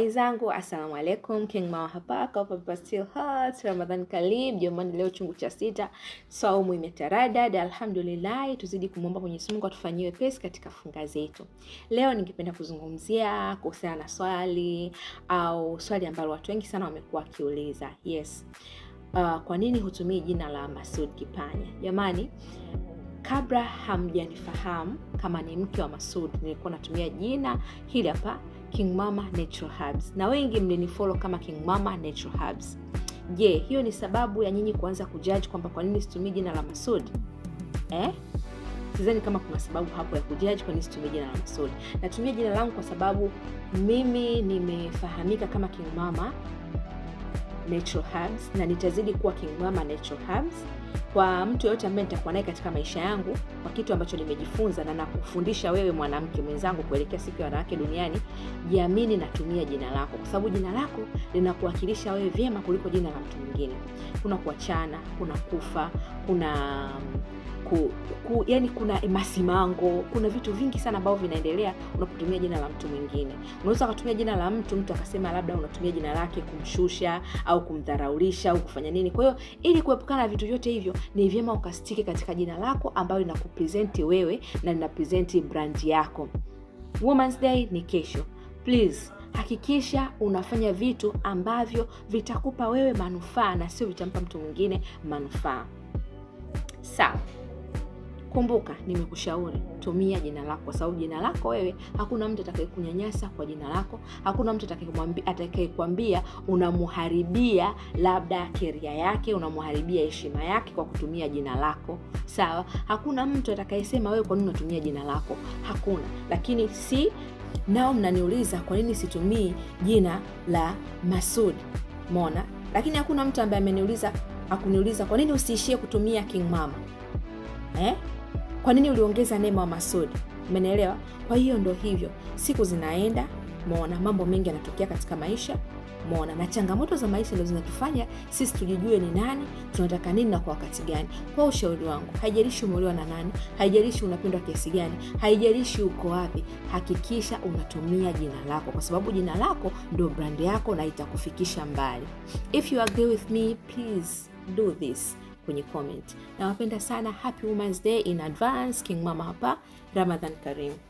Habari zangu, assalamu alaikum, King Mawa hapa Copper Still Hot. Ramadhan Karim, jamani, leo chungu cha sita, saumu imetaradad, alhamdulillah. Tuzidi kumwomba Mwenyezi Mungu atufanyie wepesi katika funga zetu. Leo ningependa kuzungumzia kuhusiana na swali au swali ambalo watu wengi sana wamekuwa wakiuliza. Yes. Uh, kwa nini hutumii jina la Masoud Kipanya? Jamani, kabla hamjanifahamu kama ni mke wa Masoud, nilikuwa natumia jina hili hapa King Mama Natural Herbs, na wengi mlinifollow kama King Mama Natural Herbs. Je, hiyo ni sababu ya nyinyi kuanza kujaji kwamba kwa nini situmii jina la masudi eh? sizani kama kuna sababu hapo ya kujaji kwa nini situmii jina la Masoud. Natumia jina langu kwa sababu mimi nimefahamika kama King Mama Natural Herbs na nitazidi kuwa King Mama Natural Herbs kwa mtu yoyote ambaye nitakuwa naye katika maisha yangu, kwa kitu ambacho nimejifunza na nakufundisha wewe mwanamke mwenzangu kuelekea siku ya wanawake duniani, jiamini natumia jina lako, kwa sababu jina lako linakuwakilisha wewe vyema kuliko jina la mtu mwingine. Kuna kuachana, kuna kufa, kuna ku, ku, yani kuna masimango, kuna vitu vingi sana ambavyo vinaendelea unapotumia jina la mtu mwingine. Unaweza ukatumia jina la mtu, mtu akasema labda unatumia jina lake kumshusha au kumdharaulisha au kufanya nini. Kwa hiyo ili kuepukana na vitu vyote hivyo, ni vyema ukastiki katika jina lako ambayo linakupresenti wewe na linapresenti brand yako. Woman's Day ni kesho. Please hakikisha unafanya vitu ambavyo vitakupa wewe manufaa na sio vitampa mtu mwingine manufaa. Sawa, kumbuka nimekushauri tumia jina lako, kwa sababu jina lako wewe, hakuna mtu atakayekunyanyasa kwa jina lako, hakuna mtu atakayekwambia unamuharibia labda keria yake, unamuharibia heshima yake kwa kutumia jina lako. Sawa, hakuna mtu atakayesema wewe kwa nini unatumia jina lako, hakuna. Lakini si nao mnaniuliza kwa nini situmii jina la masud mona, lakini hakuna mtu ambaye ameniuliza akuniuliza kwa nini usiishie kutumia King Mama eh? Kwa nini uliongeza Neema wa Masudi? umenaelewa Kwa hiyo ndo hivyo, siku zinaenda, mona mambo mengi yanatokea katika maisha Mona, na changamoto za maisha ndo zinatufanya sisi tujijue ni nani, tunataka nini na kwa wakati gani. Kwa ushauri wangu, haijarishi umeuliwa na nani, haijarishi unapendwa kiasi gani, haijarishi uko wapi, hakikisha unatumia jina lako, kwa sababu jina lako ndo brandi yako na itakufikisha mbali. If you agree with me, please do this kwenye comment. Nawapenda sana, happy Women's Day in advance. King Mama hapa, Ramadhan Karim.